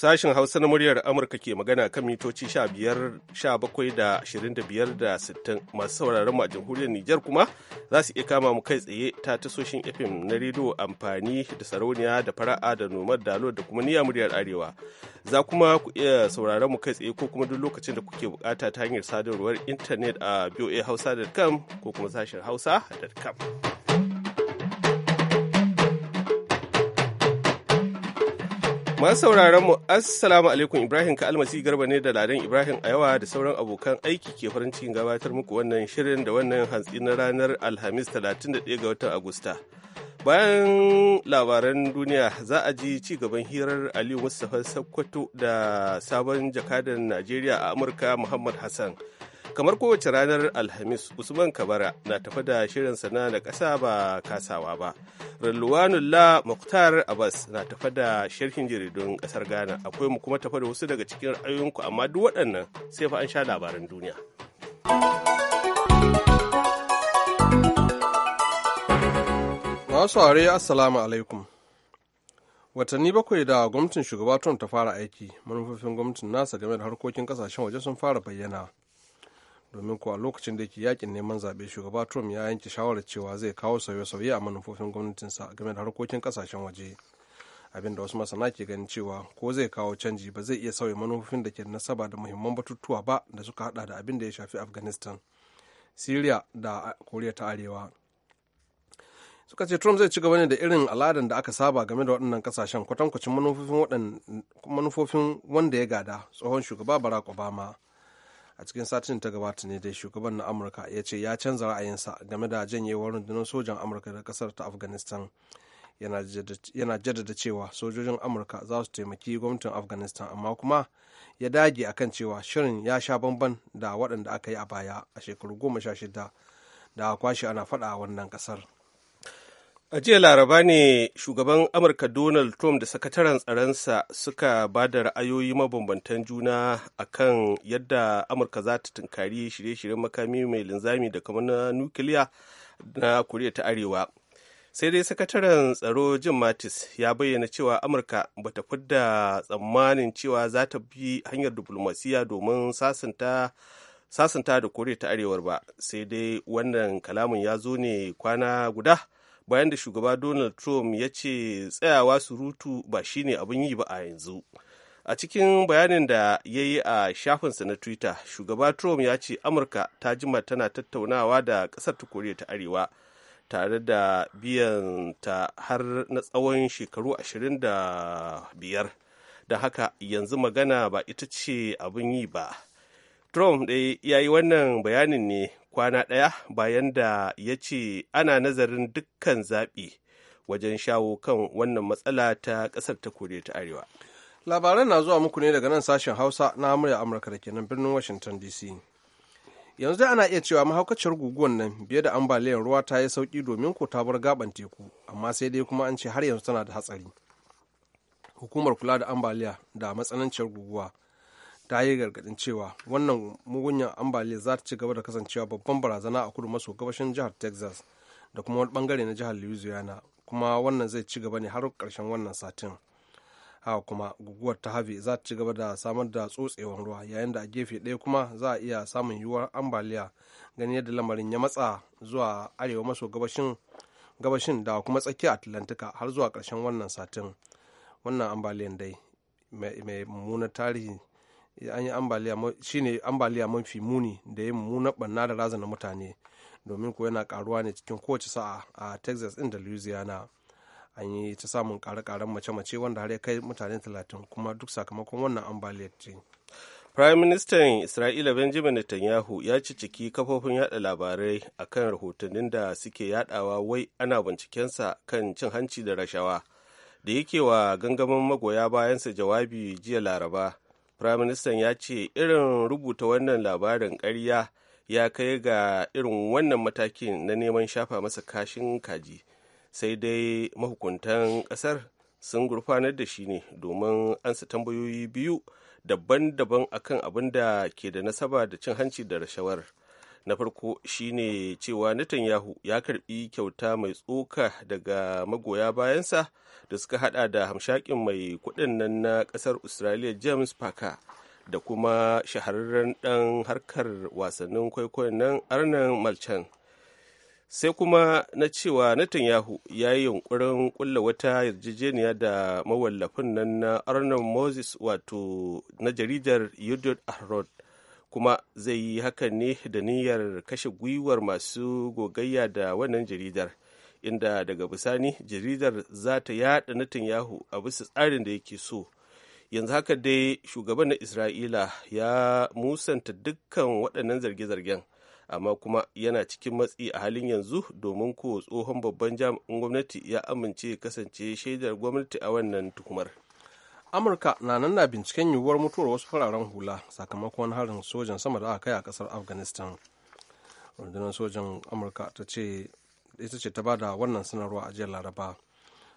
Sashen Hausa na muryar Amurka ke magana kan mitoci 15, 17 da 25 da 60 masu sauraron mu a jamhuriyar Nijar kuma za su iya kama mu kai tsaye ta tasoshin FM na rediyo amfani da sarauniya da fara'a da nomar dalo da kuma niyyar muryar Arewa. Za kuma ku iya sauraron mu kai tsaye ko kuma duk lokacin da kuke bukata ta hanyar sadarwar intanet a hausa.com ko kuma sashen hausa.com. Masu sauraron mu Assalamu alaikum Ibrahim ka almasi garba ne da Ladan Ibrahim a yawa da sauran abokan aiki ke farin cikin gabatar muku wannan shirin da wannan hantsi na ranar Alhamis 31 ga watan Agusta. Bayan labaran duniya za a ji ci gaban hirar Aliyu Mustapha Sakkwato da sabon jakadan Najeriya a Amurka Muhammad Hassan kamar kowace ranar alhamis usman kabara na tafi da shirin sana da ƙasa ba kasawa ba rulwanullah muktar abbas na tafi da sharhin jaridun ƙasar ghana akwai mu kuma tafi da wasu daga cikin ra'ayoyinku amma duk waɗannan sai fa an sha labaran duniya masu are assalamu alaikum watanni bakwai da gwamnatin shugaba trump ta fara aiki manufofin gwamnatin nasa game da harkokin kasashen waje sun fara bayyana domin kuwa lokacin da yake yakin neman zaɓe shugaba trump ya yanke shawarar cewa zai kawo sauye-sauye a manufofin gwamnatinsa game da harkokin kasashen waje abin da wasu masana ke ganin cewa ko zai kawo canji ba zai iya sauya manufofin da ke da nasaba da muhimman batutuwa ba da suka hada da abin da ya shafi afghanistan syria da koriya ta arewa suka ce trump zai ci gaba ne da irin al'adar da aka saba game da waɗannan kasashen kwatankwacin manufofin wanda ya gada tsohon shugaba barack obama a cikin satin ta gabata ne dai shugaban na amurka ya ce ya canza ra'ayinsa game da janyewar rundunar sojan amurka da kasar ta afghanistan yana jaddada cewa sojojin amurka za su taimaki gwamnatin afghanistan amma kuma ya dage akan cewa shirin ya sha bamban da waɗanda aka yi a baya a shekaru goma sha shida da kwashe ana faɗa a wannan ƙasar. A jiya laraba ne shugaban Amurka Donald Trump da sakataren tsaronsa suka ba da ra'ayoyi mabambantan juna a kan yadda Amurka za ta tunkari shirye-shiryen makami mai linzami da kuma na nukiliya na Koriya ta Arewa. Sai dai sakataren tsaro Jim Mattis ya bayyana cewa Amurka ba ta fidda tsammanin cewa za ta bi hanyar diplomasiya domin sasanta sasanta da Koriya ta Arewar ba, sai dai wannan kalamin ya zo ne kwana guda. bayan da shugaba donald trump ya ce tsayawa surutu ba shine abin yi ba a yanzu a cikin bayanin da ya yi a shafinsa na twitter shugaba trump ya ce amurka ta jima tana tattaunawa da ƙasar ta koriya ta arewa tare da biyan ta har na tsawon shekaru 25 da haka yanzu magana ba ita ce abin yi ba trump dai ya yi wannan bayanin ne kwana ɗaya bayan da ya ce ana nazarin dukkan zaɓi wajen shawo kan wannan matsala ta ƙasar ta koriya ta arewa labaran na zuwa muku ne daga nan sashen hausa na murya amurka da kenan birnin washington dc yanzu dai ana iya cewa mahaukaciyar guguwan nan biye da ambaliyar ruwa ta yi sauki domin ko ta bar gaban teku amma sai dai kuma an ce har yanzu tana da hatsari hukumar kula da ambaliya da matsananciyar guguwa ta yi gargadin cewa wannan mugunyan ambaliya za ta ci gaba da kasancewa babban barazana a kudu maso gabashin jihar texas da kuma wani bangare na jihar louisiana kuma wannan zai ci gaba ne har karshen wannan satin haka kuma guguwar ta harvey za ta ci gaba da samar da tsotsewar ruwa yayin da a gefe ɗaya kuma za a iya samun yiwuwar ambaliya gani yadda lamarin ya matsa zuwa arewa maso gabashin gabashin da kuma tsakiyar atlantika har zuwa karshen wannan satin wannan ambaliyan dai mai mummunar tarihi an yi ambaliya shine ambaliya mafi muni da ya mummunar banna da razana mutane domin ko yana karuwa ne cikin kowace sa'a a texas ɗin da louisiana an yi ta samun kare-karen mace-mace wanda har ya kai mutane talatin kuma duk sakamakon wannan ambaliyar ce prime minister isra'ila benjamin netanyahu ya ci ciki kafofin yada labarai a kan rahotannin da suke yadawa wai ana bincikensa kan cin hanci da rashawa da yake wa gangamin magoya bayansa jawabi jiya laraba firaministan ya ce irin rubuta wannan labarin karya ya kai ga irin wannan matakin na neman shafa masa kashin kaji sai dai mahukuntan ƙasar sun gurfanar da shi ne domin ansa tambayoyi biyu daban-daban akan abin da ke da nasaba da cin hanci da rashawar. na farko shine cewa netanyahu ya karbi kyauta mai tsoka daga magoya bayansa da suka hada da hamshakin mai kudin nan na kasar australia james parker da kuma shahararren dan harkar wasannin kwaikwayon nan arnon malchan sai kuma na cewa netanyahu ya yi yunkurin kulla wata yarjejeniya da mawallafin nan na arnon moses wato na jaridar yudhid ahrod kuma zai yi hakan ne da niyyar kashe gwiwar masu gogayya da wannan jaridar inda daga bisani jaridar za ta yada yahu a bisa tsarin da yake so yanzu haka dai shugaban na isra'ila ya musanta dukkan waɗannan zarge-zargen amma kuma yana cikin matsi a halin yanzu domin ko tsohon babban jami'in gwamnati ya amince kasance shaidar gwamnati a wannan tuhumar. amurka na nan na binciken yiwuwar mutuwar wasu fararen hula sakamakon harin sojan sama da aka kai a kasar afghanistan rundunar sojan amurka ta ce ita ce ta bada wannan sanarwa a jiyar laraba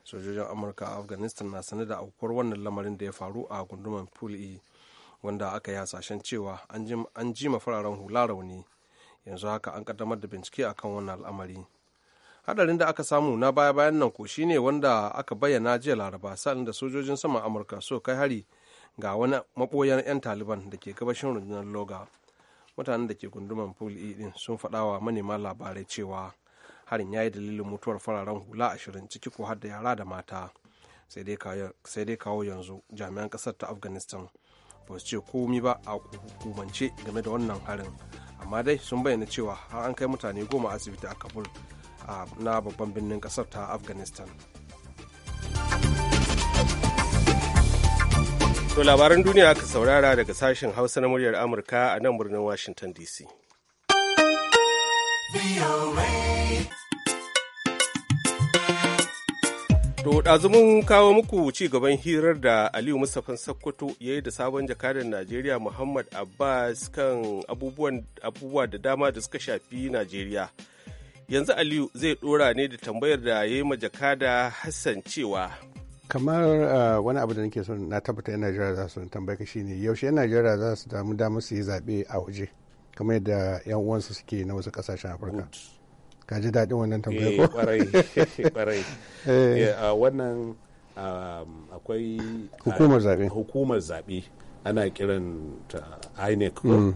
sojojin amurka a afghanistan na sane da aukuwar wannan lamarin da ya faru a gunduman pule wanda aka yi hasashen cewa an ji ma fararen hula rauni yanzu haka an kaddamar da bincike akan wannan al'amari hadarin da aka samu na baya-bayan nan ko shine wanda aka bayyana jiya laraba sa'in da sojojin sama amurka so kai hari ga wani maboyan 'yan taliban da ke gabashin rundunar loga mutanen da ke gunduman pool e din sun faɗa wa manema labarai cewa harin ya yi dalilin mutuwar fararen hula ashirin ciki ko har da yara da mata sai dai kawo yanzu jami'an kasar ta afghanistan ba su ce komi ba a hukumance game da wannan harin amma dai sun bayyana cewa har an kai mutane goma asibiti a kabul na babban birnin kasar ta afghanistan to labaran duniya aka saurara daga sashen hausa na muryar amurka a nan birnin washington dc To mun kawo muku ci gaban hirar da Aliyu mustafan Sakkwato ya yi da sabon jakadar Najeriya Muhammad Abbas kan abubuwa da dama da suka shafi Najeriya yanzu aliyu zai dora ne da tambayar da ya yi majakada hassan cewa kamar ah, wani abu da nake so na tabbata yan najeriya za su tambaye ka shine yaushe yan najeriya za su damu damar su yi zaɓe a waje kamar yadda yan uwansu suke na wasu kasashen afirka ka ji daɗin wannan tambayar ko wannan akwai hukumar zaɓe hukumar zaɓe ana kiran ta inec mm,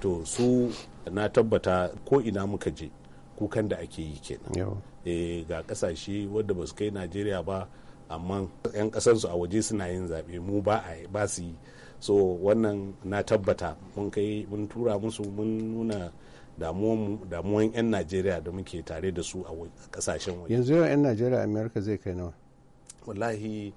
to su na tabbata ko ina muka je kukan da ake yi kenan e, ga kasashe wadda ba su kai najeriya ba amma 'yan kasansu a waje suna yin zaɓe mu ba su yi so wannan na tabbata mun kai mun tura musu mun nuna damuwan 'yan najeriya da muke tare da su a kasashen waje yanzu yawan 'yan najeriya amerika zai kai nawa wallahi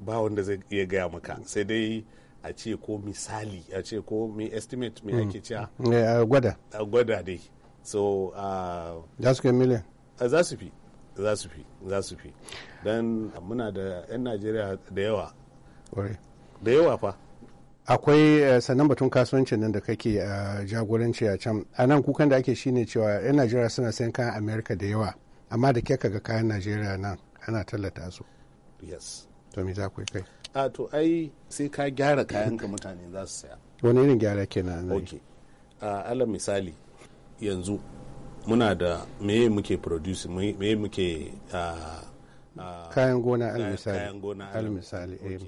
ba wanda zai iya gaya maka sai dai a ce ko misali a ce ko mai estimate mai ake mm. cewa eh, gwada gwada dai so uh, za su kai miliyan uh, za su fi za su fi za su fi don muna da 'yan najeriya da yawa da yawa fa akwai eh, sannan batun kasuwancin nan da kake a eh, jagoranci a can a nan kukan da ake shine cewa 'yan najeriya suna sayan kayan amerika da yawa amma da ke ga kayan najeriya nan ana tallata su yes to me za ku kai a ah, to ai sai ka gyara kayan ka mutane za su saya wani irin gyara kenan ok ah, alal misali yanzu muna da meye muke producing meye muke ah, ah, kayan gona almisali eh.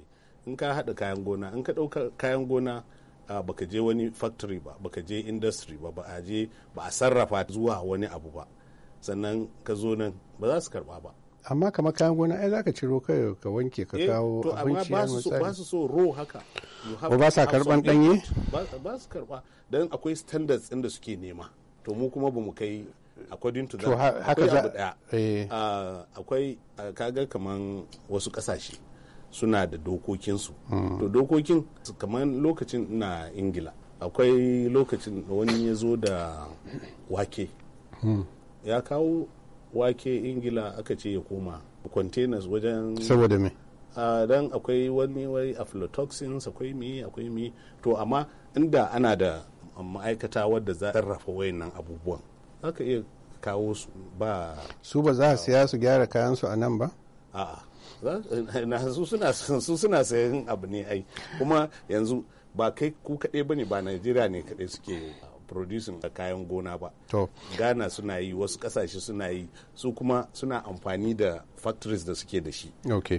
in ka haɗa kayan gona in ka ɗauka kayan gona ah, baka je wani factory ba baka je industry ba ba a je ba a sarrafa zuwa wani abu ba sannan ka zo nan ba za su karba ba amma kamar kayan gona ai zaka ciro kai ka wanke ka eh, kawo abinci ya misali ba su so ro haka ba ba sa karban danye ba su karba dan akwai standards inda suke nema to mu kuma ba mu kai according to that akwai abu eh. ah, akwai ah, kaga kaman wasu kasashe suna da dokokinsu mm. to dokokin kaman lokacin na ingila akwai lokacin da wani ya zo da wake mm. ya kawo wake ingila aka ce ya koma containers wajen saboda me ah, dan akwai wani wai aflatoxins akwai mi akwai mi to amma inda ana da ma'aikata wadda za a sarrafa wayannan abubuwan aka iya kawo su ba su ba za a siya su gyara kayan su a nan ba a'a su suna sayan abu ne ai kuma yanzu ba kai ku kaɗai bane ba najeriya ne kaɗai suke producing da kayan gona ba ghana suna yi wasu kasashe suna yi su kuma suna amfani da factories da suke da shi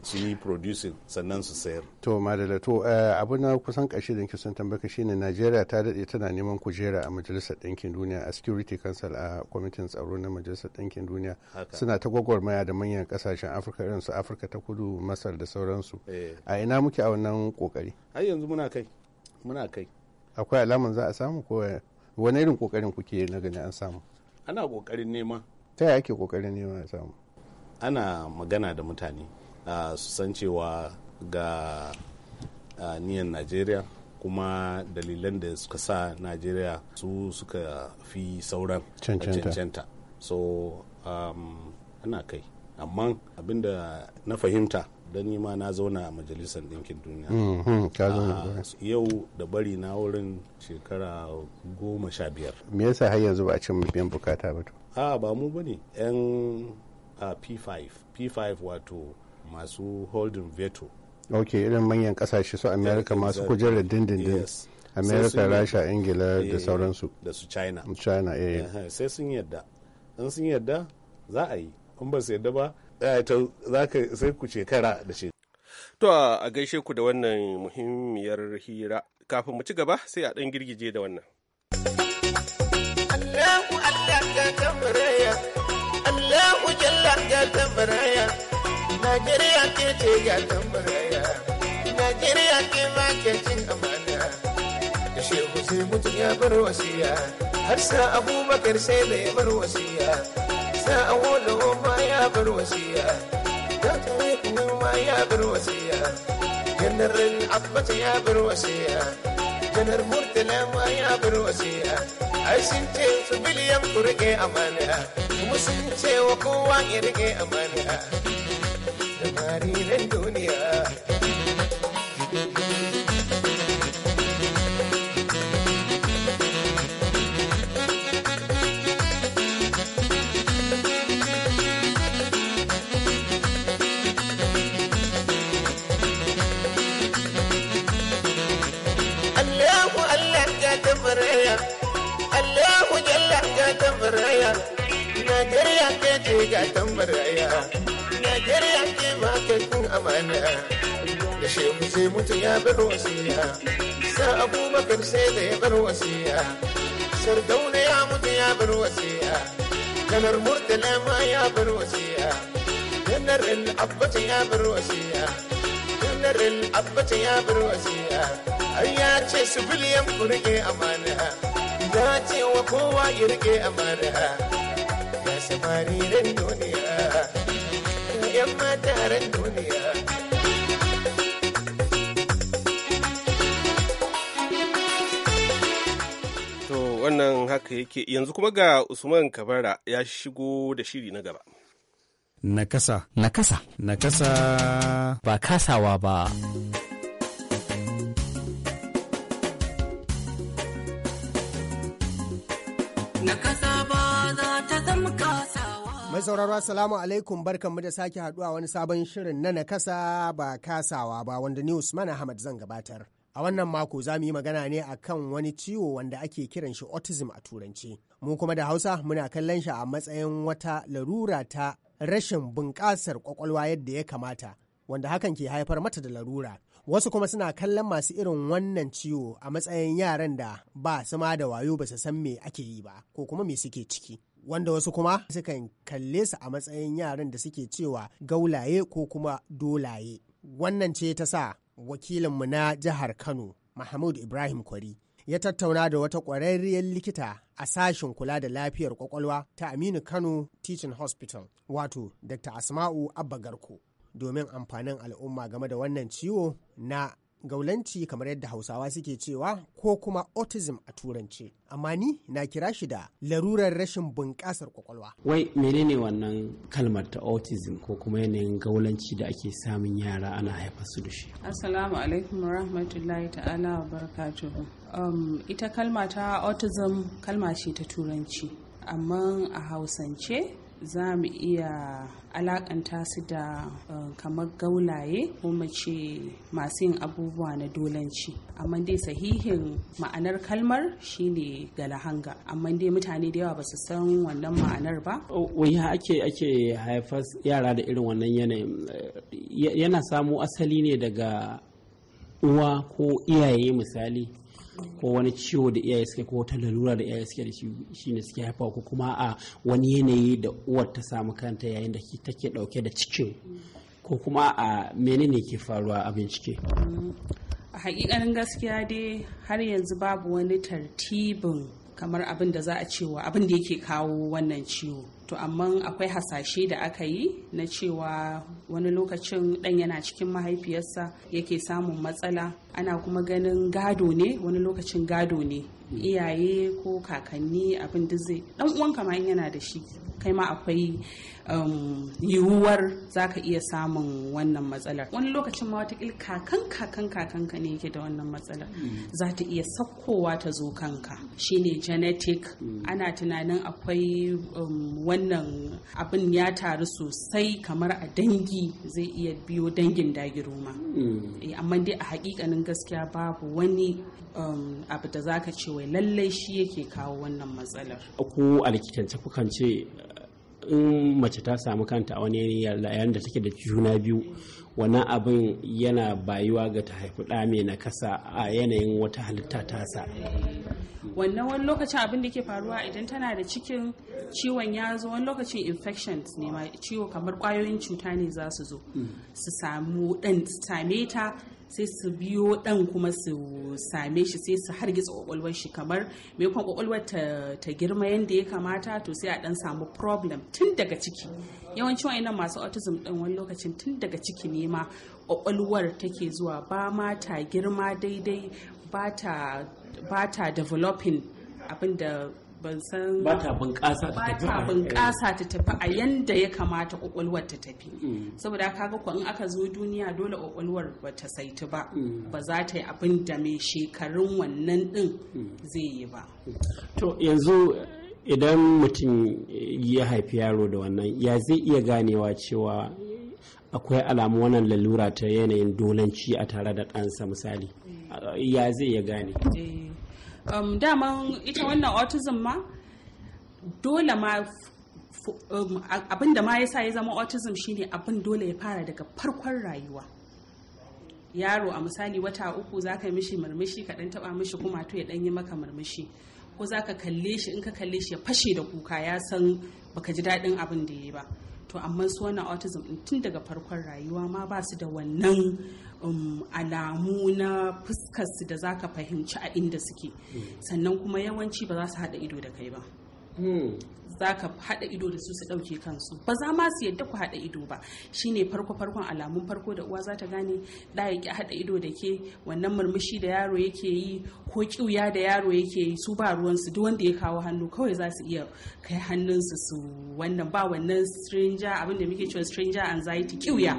su yi producing sannan su sayar to madala to eh, abu na kusan kashe da kisan tambaka ne najeriya ta daɗe tana neman kujera a majalisar ɗinkin duniya a security council a kwamitin tsaro na majalisar ɗinkin duniya suna ta gwagwarmaya da manyan kasashen afirka irin su afirka ta kudu masar da sauransu eh. a ina muke a wannan kokari har yanzu muna kai muna kai akwai alamun za a samu ko eh? wani irin kokarin kuke na gani an samu ana kokarin nema ta ake kokarin nema ya samu ana magana da mutane su san cewa ga niyan najeriya kuma dalilan da suka sa najeriya su suka fi sauran cancanta so ana kai amma abinda na fahimta don ni ma na zauna a majalisar ɗinkin duniya mhm, ah, yau da bari na wurin shekara goma sha biyar me yasa har yanzu ba a cin biyan bukata ba to a ba mu ba ne. yan p5 p5 wato masu holding veto ok irin manyan kasashe su america masu kujerar dindindin america rasha ingila da eh, sauransu da su china china eh. sai sun yadda in sun yadda za a yi in ba su yadda ba Eh, sai ku shekara da shekara. To a gaishe ku da wannan muhimmiyar hira kafin mu ci gaba sai a ɗan girgije da wannan. Allahu Allah ka tambaraya, Allahu Jalla ka tambaraya, Najeriya ke ce ga tambaraya, Najeriya ke ma ke cin amana. Da shehu sai mutum ya bar wasiya, har sa abubakar sai da ya bar wasiya, isa a wani ma ya bar wasiya da tare ma ya bar wasiya janaral abbas ya bar wasiya janar murtala ma ya bar wasiya ai sun ce su biliyan ku rike amana kuma sun ce wa kowa ya rike amana da mariran duniya ga tambar aya Najeriya ke ba kun amana da shehu sai mutu ya bar wasiya sa abubakar sai da ya bar wasiya sardauna ya mutu ya bar wasiya kanar murtala ma ya bar wasiya kanar al'abbata ya bar wasiya kanar al'abbata ya bar wasiya ai ya ce su biliyan ku rike amana ya ce wa kowa ya rike amana samariran duniya yan mataren duniya to wannan haka yake yanzu kuma ga usman kabara ya shigo da shiri na gaba Nakasa. Nakasa. Nakasa. Ba kasawa ba. Nakasa. Mai sauraro Assalamu alaikum barkanmu da sake haduwa wani sabon shirin na nakasa ba kasawa ba wanda ni mana Ahmad zan gabatar. A wannan mako za mu yi magana ne a kan wani ciwo wanda ake kiran shi autism a turanci. Mu kuma da Hausa muna kallon shi a matsayin wata larura ta rashin bunƙasar kwakwalwa yadda ya kamata, wanda hakan ke haifar mata da larura. Wasu kuma suna kallon masu irin wannan ciwo a matsayin yaran da ba su ma da wayo ba su san me ake yi ba, ko kuma me suke ciki. wanda wasu kuma sukan kalle su a matsayin yaran da suke cewa gaulaye ko kuma dolaye wannan ce ta sa wakilinmu na jihar kano mahmud ibrahim kwari ya tattauna da wata ƙwararriyar likita a sashen kula da lafiyar kwakwalwa ta aminu kano teaching hospital wato dr asma'u abba garko domin amfanin al'umma game da wannan ciwo na gaulanci kamar yadda hausawa suke cewa ko kuma autism a turance amma ni na kira shi da larurar rashin bunƙasar kwakwalwa wai menene wannan kalmar ta autism ko kuma yanayin gaulanci da ake samun yara ana haifar su da shi assalamu alaikum rahmatullahi ta'ala wa barakatuhu um, ita kalma ta autism kalma ce ta turanci amma a hausance za mu iya alakanta su da eh, kamar gaulaye ko mace masu yin abubuwa na dolanci amma dai sahihin ma'anar kalmar shine galahanga amma dai mutane da yawa ba su san wannan ma'anar ba Wai ake ake haifar yara da irin wannan yanayin eh, yana samo asali ne daga uwa ko iyaye misali ko wani ciwo da iyaye suke ko wata lalura da iyaye suke da shi ne suke haifa ko kuma a wani yanayi da uwar ta samu kanta yayin da take dauke da cikin ko kuma a menene ke faruwa a bincike a hakikanin gaskiya dai har yanzu babu wani tartibin kamar abin da za a cewa abin da yake kawo wannan ciwo to amma akwai hasashe da aka yi na cewa wani lokacin dan yana cikin mahaifiyarsa yake samun matsala ana kuma ganin gado ne wani lokacin gado ne iyaye ko kakanni abin duk zai dan uwanka ma in yana da shi kai ma akwai Um, yiwuwar za ka iya samun wannan matsalar wani lokacin ma watakila kakan kakan kakanka ne yake da wannan matsalar mm. za ta iya sakkowa ta zo kanka shine genetic mm. ana tunanin akwai um, wannan abin ya taru sosai kamar a dangi zai iya biyo dangin dagiroma mm. eh, amma dai a hakikanin gaskiya babu wani um, abu da za ka ce wai lallai shi yake kawo wannan matsalar Ko a likitance kukan ce in mace ta samu kanta a wani yayin da take da juna biyu wannan abin yana bayuwa ga ta haifi ɗa mai nakasa a yanayin wata halitta ta sa wannan wani lokacin abin da ke faruwa idan tana da cikin ciwon ya zo wani lokacin infections ne ma ciwo kamar kwayoyin cuta ne za su zo su samu ɗan same ta sai su biyo dan kuma su same shi sai su hargitsa kwakwalwar shi kamar mai kwakwalwar ta girma yadda ya kamata to sai a dan samu problem tun daga ciki yawancin wayannan masu autism din wani lokacin tun daga ciki ne ma kwakwalwar take zuwa ba ma ta girma daidai ba ta developing abin da ban san bata bunƙasa ta tafi bunƙasa ta tafi a yanda ya kamata kwakwalwar ta tafi mm. saboda kaga ko in aka zo duniya dole kwakwalwar ba ta saitu ba mm. ba za ta yi abin da mai shekarun wannan din mm. zai yi ba to yanzu idan mutum ya haifi yaro da wannan ya zai iya ganewa cewa akwai alamu wannan lalura ta yanayin dolanci a tare da ɗansa misali eh. ya zai iya gane eh. um, daman ita wannan autism ma dole ma um, abin da ma ya sa ya zama autism shine abin dole ya fara daga farkon rayuwa yaro a misali wata uku zaka ka mishi murmushi ka dan taba mishi kuma to ya dan maka murmushi ko za ka kalle shi in ka kalle shi ya fashe da kuka ya san baka ji daɗin abin da ya yi ba to amma su wannan autism tun daga farkon rayuwa ma ba su da wannan um, alamu na fuskarsu da za ka fahimci a inda suke mm. sannan kuma yawanci ba za su haɗa ido da kai ba za ka haɗa ido da su su ɗauke kansu ba za ma su yadda ku haɗa ido ba shine farko farkon alamun farko da uwa za ta gane da ya ki haɗa ido da ke wannan murmushi da yaro yake yi ko ƙiuya da yaro yake yi su ba ruwansu duk wanda ya kawo hannu kawai za su iya kai hannunsu su wannan ba wannan stranger abin da muke cewa stranger anxiety kiuya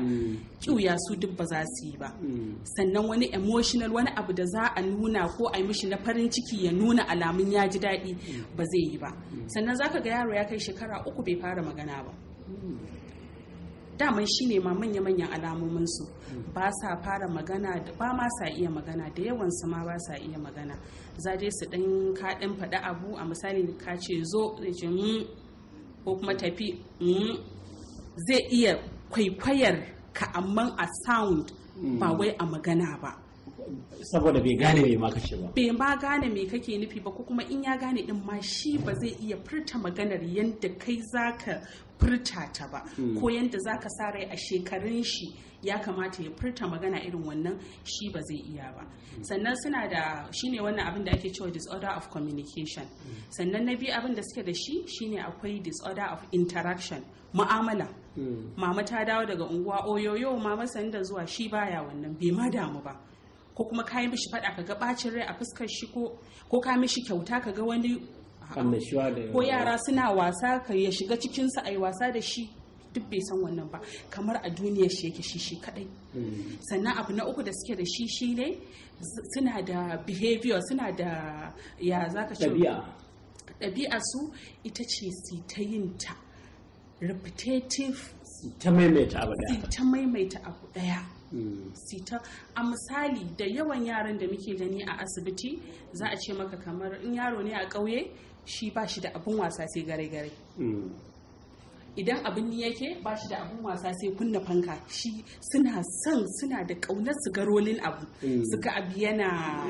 kiuya su duk ba za su yi ba mm. sannan wani emotional wani abu da za a nuna ko a yi mishi na farin ciki ya nuna alamun ya ji daɗi mm. ba zai yi ba mm. sannan za ka ga yaro ya kai shekara uku bai fara magana ba daman shine ma manya-manyan alamominsu ba sa fara magana ba ma sa iya magana da yawansu ma ba sa iya magana za dai su ɗan kaɗin faɗi abu a misali ka ce zo ce ko kuma tafi zai iya kwaikwayar ka amman a sound ba mm. wai a magana ba saboda bai gane me ma ce ba bai ma gane me kake nufi ba ko kuma in ya gane din ma shi ba zai iya furta maganar yadda kai zaka furta ta ba hmm. ko yadda zaka sa rai a shekarun shi ya kamata ya furta magana irin wannan shi ba zai iya ba hmm. sannan suna da shine wannan abin da ake cewa disorder of communication hmm. sannan na biyu abin da suke da shi shine akwai disorder of interaction mu'amala mama ta dawo daga unguwa oyoyo mama sanda zuwa shi baya wannan bai ma damu ba ko kuma kayan mishi faɗa ka ga ɓacin rai a fuskar shi ko ka mishi kyauta ka ga wani ko yara suna wasa ka ya shiga cikinsa a yi wasa da shi duk bai san wannan ba kamar a duniya shi yake shi shi kadai mm. sannan abu na uku da suke da shi shi ne suna da behavior suna da ya zaka ce ɗabi'a su ita ce su ta yin ta repetitive ta maimaita abu daya sita a misali da yawan yaran da muke gani a asibiti za a ce maka kamar in yaro ne a ƙauye shi ba shi da abin wasa sai gare-gare mm. idan abin ni yake ba shi da abin wasa sai kunna fanka shi suna son suna da kaunar su rolin abu mm. suka abu yana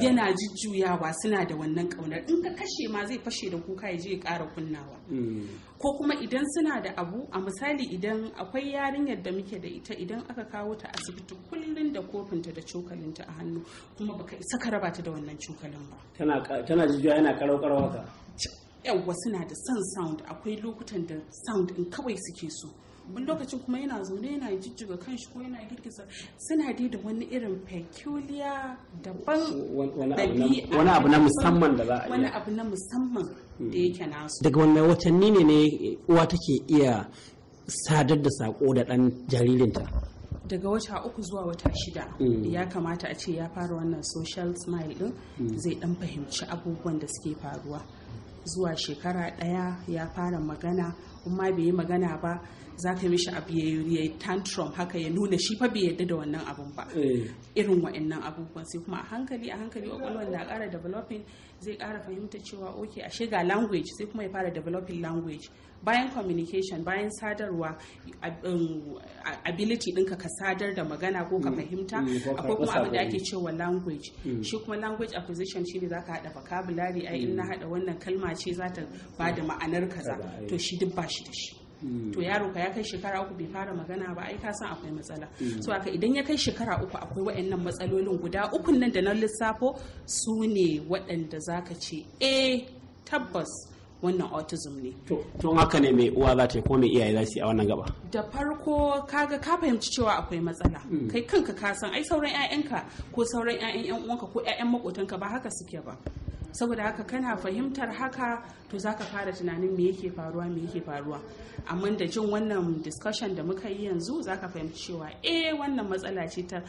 yana jujjuyawa suna da wannan kaunar in ka kashe ma zai fashe da kuka ya je ya ƙara kunnawa mm. ko kuma idan suna da abu a misali idan akwai yarinyar da muke da ita idan aka kawo ta asibiti kullum da kofinta da cokalinta a hannu kuma baka isa ka raba ta da wannan cokalin ba tana jujjuya yana karau karau haka yawwa suna da son sound akwai lokutan da sound in kawai suke so wani lokacin kuma yana zaune yana jijjiga kanshi ko yana girgiza suna dai da wani irin peculiar daban wani abu na musamman da za a wani abu na musamman hmm. da yake nasu daga wannan watanni ne ne uwa take iya sadar da sako da dan jaririnta daga wata uku zuwa wata shida hmm. ya kamata a ce ya fara wannan social smile din hmm. zai dan fahimci abubuwan da suke faruwa zuwa shekara ɗaya ya fara magana kuma bai yi magana ba za ka mishi abu ya yi tantrum haka ya nuna shi fa bai yadda da wannan abun ba eh. irin wa'annan abubuwan sai kuma a hankali a hankali kwakwalwar na kara developing zai kara fahimta cewa ok ashe ga language sai kuma ya fara developing language bayan communication bayan sadarwa um, ability ɗinka ka sadar da magana ko ka mm. fahimta mm, akwai kuma abin da ake cewa language mm. shi kuma language acquisition shi ne za ka haɗa vocabulary ai in na haɗa wannan kalma ce za ta ba da ma'anar kaza eh. to shi duk ba shi da shi to yaro ka ya kai shekara uku bai fara magana ba ai ka san akwai matsala so haka idan ya kai shekara uku akwai waɗannan matsalolin guda ukun nan da na lissafo su ne waɗanda za ka ce eh tabbas wannan autism ne tun haka ne mai uwa za ta yi ko mai iyaye za su yi a wannan gaba da farko kaga ka fahimci cewa akwai matsala hmm. kai kanka ka san ai sauran 'ya'yanka ko sauran 'ya'yan 'yan uwanka ko 'ya'yan makotanka ba haka suke ba saboda haka kana fahimtar haka to za ka fara tunanin me yake faruwa me yake faruwa amma da jin wannan discussion da muka yi yanzu za ka fahimci cewa eh wannan matsala ce ta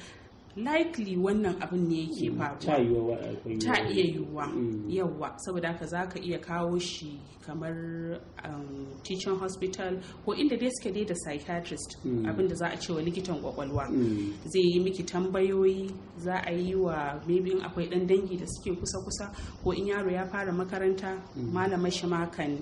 likely wannan abin ne yake hmm, faruwa ta iya yiwuwa yawa hmm. saboda haka za ka iya kawo shi kamar um, teaching hospital ko inda dai suke dai da psychiatrist hmm. abin da za a ce wa likitan kwakwalwa zai yi miki tambayoyi za a yi wa maybe akwai dan dangi da suke kusa-kusa ko in yaro ya fara makaranta malamar shi ma kan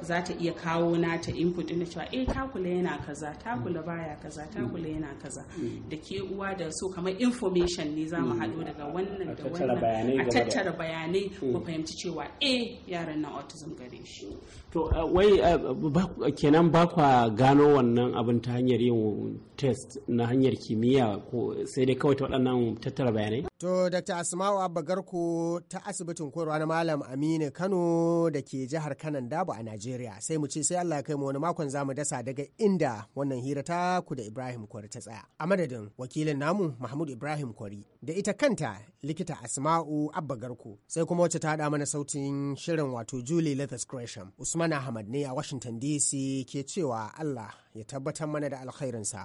za ta iya kawo nata input na cewa eh takula yana kaza takula baya kaza takula yana kaza da ke uwa da so kamar information ne za mu mm. haɗo daga wannan da wannan a tattara bayanai mu mm. fahimci cewa eh yaran na autism gare shi to uh, wai uh, kenan ba kwa gano wannan abin ta hanyar yin test na hanyar kimiyya ko sai dai kawai ta waɗannan tattara bayanai To, Dr. Asma'u Abba Garko ta asibitin koyarwa na Malam Aminu Kano da ke jihar Kanan Dabo a Najeriya. Sai mu ce sai Allah kai mu wani makon zamu dasa daga inda wannan hira ta ku da Ibrahim Kwari ta tsaya. A madadin wakilin namu Mahmud Ibrahim Kwari da ita kanta likita Asma'u Abba Garko. Sai kuma wacce ta haɗa mana sautin shirin wato Julie Lathis Gresham. Usman Ahmad ne a Washington DC ke cewa Allah ya tabbatar mana da alkhairinsa.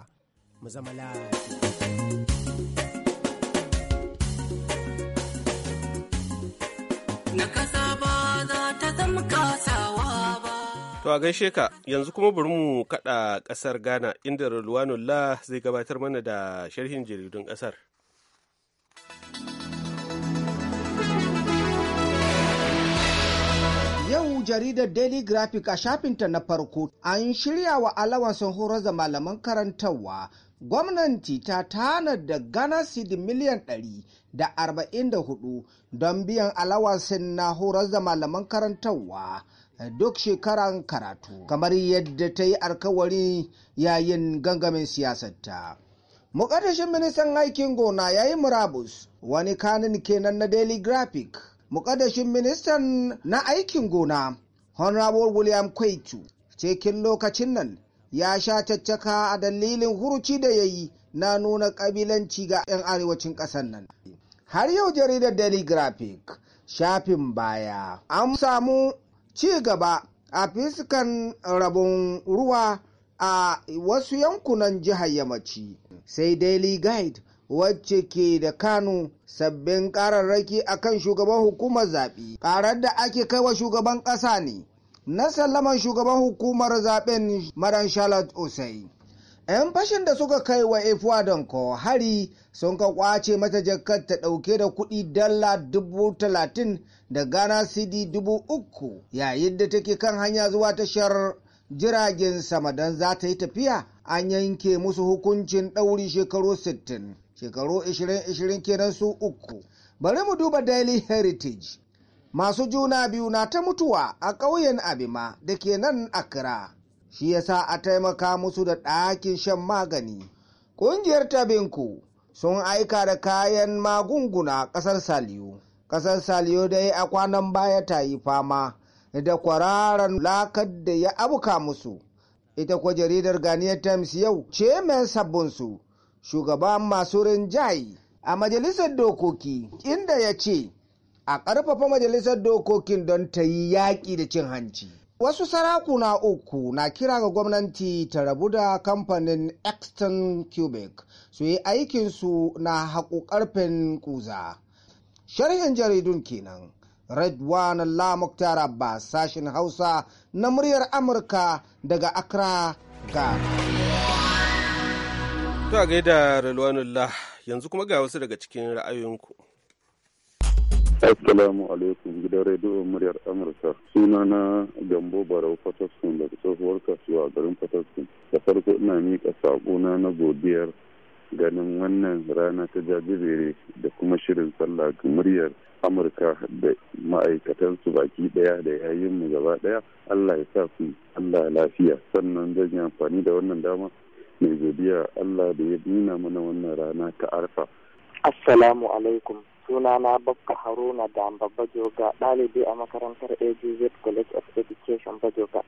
Mu zama lafiya. na ba za ta ba. To a gaishe ka yanzu kuma bari mu kaɗa ƙasar Ghana inda Rulwanullah zai gabatar mana da sharhin jaridun ƙasar. Yau jaridar Daily Graphic a shafinta na farko an shirya wa alawan horar da malaman karantarwa gwamnati ta tana da gana Cedi miliyan 144 don biyan alawasin na horar da malaman karantarwa duk shekaran karatu kamar yadda ta yi alkawari yayin gangamin siyasarta. Mukaddashin ministan aikin gona ya yi murabus wani kanin kenan na Daily Graphic. Mukaddashin ministan na aikin gona Honorable William Kwaitu cikin lokacin nan ya sha caccaka a dalilin huruci da ya yi na nuna ƙabilanci ga 'yan arewacin ƙasar nan. Har yau jaridar Daily Graphic shafin baya an samu ci gaba a fiskan rabon ruwa a wasu yankunan jihar yammaci sai Daily Guide wacce ke da Kano sabbin ƙararraki a kan shugaban hukumar zaɓe. Ƙarar da ake kaiwa shugaban ƙasa ne na sallaman shugaban hukumar zaben maran charlotte osei 'yan fashin da suka kai wa efuwa ko hari sun ka kwace mata jakar ta ɗauke da kuɗi dala dubu da ghana cd dubu yayin da take kan hanya zuwa tashar jiragen sama don za ta yi tafiya an yanke musu hukuncin ɗauri shekaru 60 shekaru 20-20 kenan su uku bari mu duba daily heritage masu juna biyu na ta mutuwa a ƙauyen abima da ke nan akra shi yasa a taimaka musu da ɗakin shan magani ƙungiyar tabinku sun aika da kayan magunguna ƙasar saliyo ƙasar saliyo dai a kwanan baya ta yi fama da kwararan lakar da ya abuka musu ita kwa jaridar ganiyar times yau ce mai su shugaban masu rinjaye a majalisar dokoki inda ya ce a ƙarfafa majalisar dokokin don ta yi yaƙi da cin hanci. Wasu sarakuna uku na kira ga gwamnati ta rabu da kamfanin Exton cubic su yi aikinsu na haƙo ƙarfin kuza. Sharhin jaridun kenan. Redwan Allah Abbas sashin Hausa na muryar Amurka daga Accra, Ghana. To a gaida Relwanullah yanzu kuma ga wasu daga cikin ra'ayoyinku. Assalamu alaikum gidan rediyo muryar Amurka. suna na Gambo Barau Fatoskun daga tsohuwar kasuwa garin Fatoskun. Da farko ina miƙa saƙona na godiyar ganin wannan rana ta jajibere da kuma shirin sallah ga muryar Amurka da ma'aikatansu baki ɗaya da yayinmu gaba ɗaya. Allah ya sa su Allah lafiya. Sannan zan yi amfani da wannan dama mai godiya Allah da ya nuna mana wannan rana ta arfa. Assalamu alaikum. sunana babba haruna damba bajoga ɗalibi a makarantar agz college of education bajoga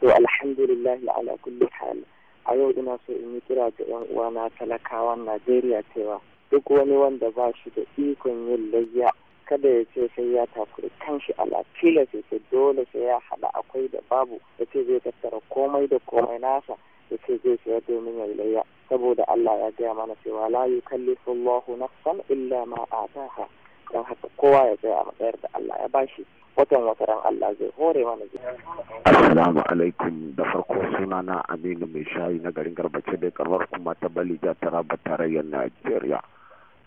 to alhamdulillah ala kulli hal a yau ina so in yi kira ga yan uwana talakawan najeriya cewa duk wani wanda ba shi da ikon yin layya kada ya ce sai ya takuri kanshi a sai dole sai ya hada akwai da babu ya ce zai tattara komai da komai nasa ya ce zai saya domin ya layya saboda Allah ya gaya mana cewa la yukallifu Allahu nafsan illa ma ataha don haka kowa ya tsaya a matsayar da Allah ya bashi watan wataran Allah zai hore mana jiya. Assalamu alaikum da farko sunana Aminu mai shayi na garin garbace da karbar kuma ta Balija ta raba tarayyar Najeriya.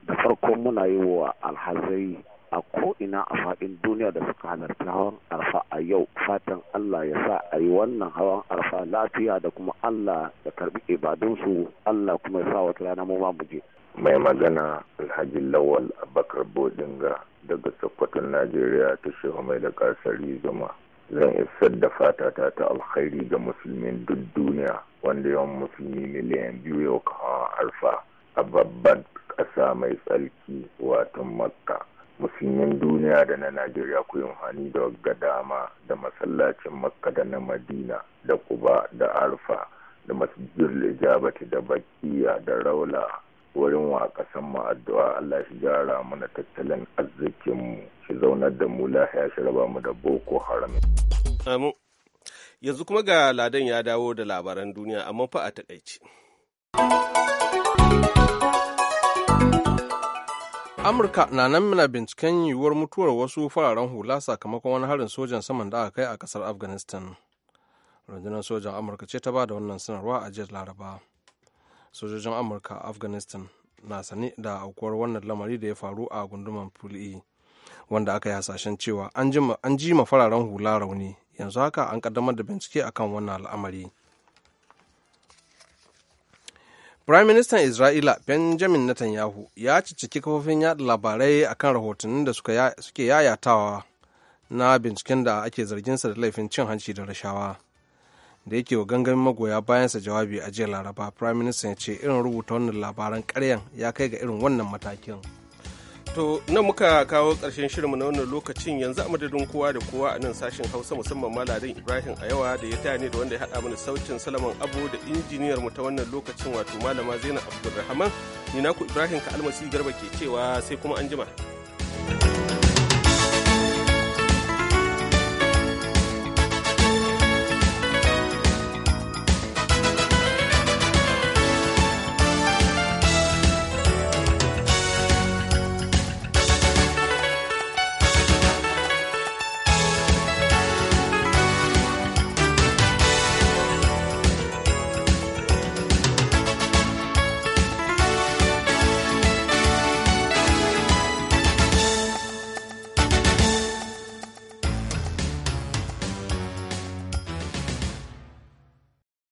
Da farko muna yi wa alhazai a ko'ina a faɗin duniya da suka halarci hawan arfa a yau fatan Allah ya sa a yi wannan hawan arfa lafiya da kuma Allah ya karbi ibadunsu Allah kuma ya sa wata rana mu Mai magana Alhaji Lawal Abakar Bodinga daga Sokoto Najeriya ta shehu mai da kasari zuma. Zan isar da fatata ta alkhairi ga musulmin duk duniya wanda yawan musulmi miliyan biyu yau kawo arfa a babban ƙasa mai tsarki watan Makka. musulmin duniya da na najeriya ku yi amfani da wagga dama da masallacin makka da na madina da kuba da arfa da masjidul ijabati da bakiya da raula wurin wa kasan addu'a Allah shi gyara na tattalin arzikin mu shi zaunar da mu lahiya shi raba mu da boko haram yanzu kuma ga ladan ya dawo da labaran duniya amma fa a takaici amurka na nan muna binciken yiwuwar mutuwar wasu fararen hula sakamakon wani harin sojan saman da aka kai a kasar afghanistan rundunar sojan amurka ce ta ba da wannan sanarwa a jiya laraba sojojin amurka a afghanistan na sani da aukuwar wannan lamari da ya faru a gunduman ful'i e, wanda aka yi hasashen cewa an ji ma fararen hula rauni yanzu haka an kaddamar da bincike akan wannan al'amari Prime Minister Isra'ila Benjamin Netanyahu ya cicciki kafofin yada labarai akan rahotannin da suke yayatawa na binciken da ake zarginsa da laifin cin hanci da rashawa. Da yake wa gangamin magoya bayansa jawabi a jiya Laraba, Prime Minister ya ce irin rubuta wannan labaran karyan ya kai ga irin wannan matakin. To nan muka kawo ƙarshen shirinmu na wannan lokacin yanzu a madadin kowa da kowa a nan sashen Hausa musamman Malarin Ibrahim a yawa da ya taya ne da wanda ya haɗa mana sautin Salaman Abu da injiniyar mu ta wannan lokacin wato Malama Zainab Abdulrahman. Ni ku Ibrahim Ka Almasi Garba ke cewa sai kuma an jima.